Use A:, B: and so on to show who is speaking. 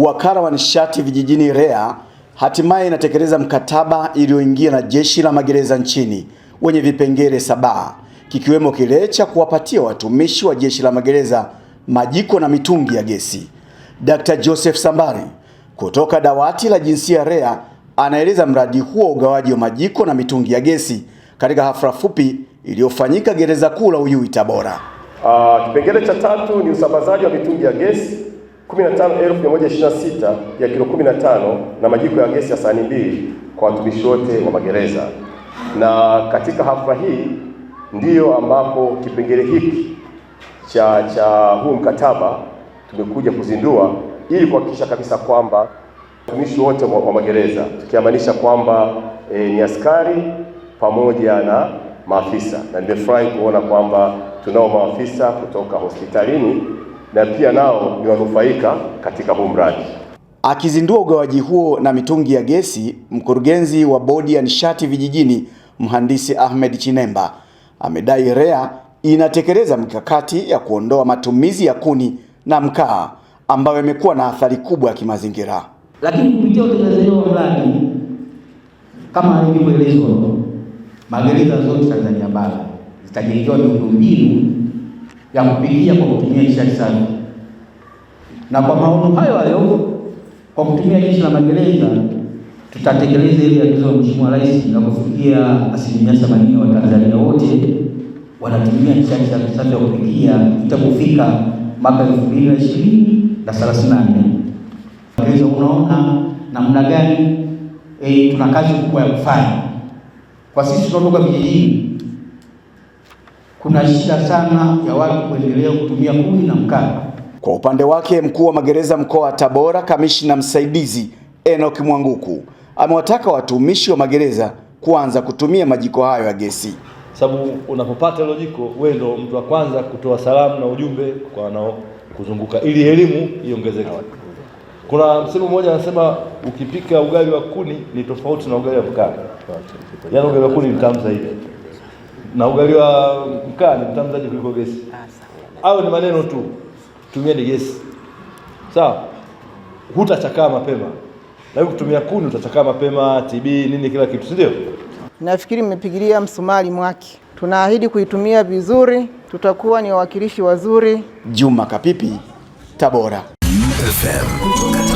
A: wakala wa nishati vijijini REA hatimaye inatekeleza mkataba iliyoingia na jeshi la magereza nchini wenye vipengele saba kikiwemo kile cha kuwapatia watumishi wa jeshi la magereza majiko na mitungi ya gesi. Dkt. Joseph Sambari kutoka dawati la jinsia REA anaeleza mradi huo ugawaji wa majiko na mitungi ya gesi katika hafla fupi iliyofanyika gereza kuu la Uyui Tabora.
B: Uh, kipengele cha tatu ni usambazaji wa mitungi ya gesi 15126 ya kilo 15 na majiko ya gesi ya sahani mbili kwa watumishi wote wa magereza. Na katika hafla hii ndiyo ambapo kipengele hiki cha cha huu mkataba tumekuja kuzindua ili kuhakikisha kabisa kwamba watumishi wote wa magereza tukiamanisha kwamba e, ni askari pamoja na maafisa, na nimefurahi kuona kwamba tunao maafisa kutoka hospitalini na pia nao ni wanufaika katika huu mradi.
A: Akizindua ugawaji huo na mitungi ya gesi, mkurugenzi wa bodi ya nishati vijijini mhandisi Ahmed Chinemba amedai REA inatekeleza mikakati ya kuondoa matumizi ya kuni na mkaa ambayo imekuwa na athari kubwa ya kimazingira.
C: Lakini kupitia utekelezaji wa mradi kama alivyoelezwa, magereza zote Tanzania bara zitajengewa miundombinu ya kupikia kwa kutumia nishati safi. Na kwa maono hayo hayo, kwa kutumia jeshi la magereza tutatekeleza ile agizo la Mheshimiwa Rais na kufikia asilimia themanini wa Tanzania wote wanatumia nishati safi ya kupikia itakufika mwaka elfu mbili na ishirini na thelathini na nne. Kwa unaona namna gani? E, tuna kazi kubwa ya kufanya kwa sisi tunaotoka vijijini kuna shida sana ya watu kuendelea kutumia kuni na mkaa.
A: Kwa upande wake mkuu wa magereza mkoa wa Tabora, kamishna msaidizi Enoch Mwanguku amewataka watumishi wa magereza kuanza kutumia majiko hayo ya gesi,
B: sababu unapopata hilo jiko wewe mtu wa kwanza kutoa salamu na ujumbe kwa wanao kuzunguka ili elimu iongezeke. Kuna msemo mmoja anasema ukipika ugali wa kuni ni tofauti na ugali wa mkaa, yaani ugali wa kuni tamu zaidi na ugali wa mkaa ni mtamu zaidi kuliko gesi, ah, au ni maneno tu? Tumia ni gesi, sawa, hutachakaa mapema, lakini kutumia kuni utachakaa mapema, TB nini, kila kitu, si ndio?
D: Nafikiri mmepigilia msumari mwake Tunaahidi kuitumia vizuri, tutakuwa ni wawakilishi wazuri.
A: Juma Kapipi, Tabora FM.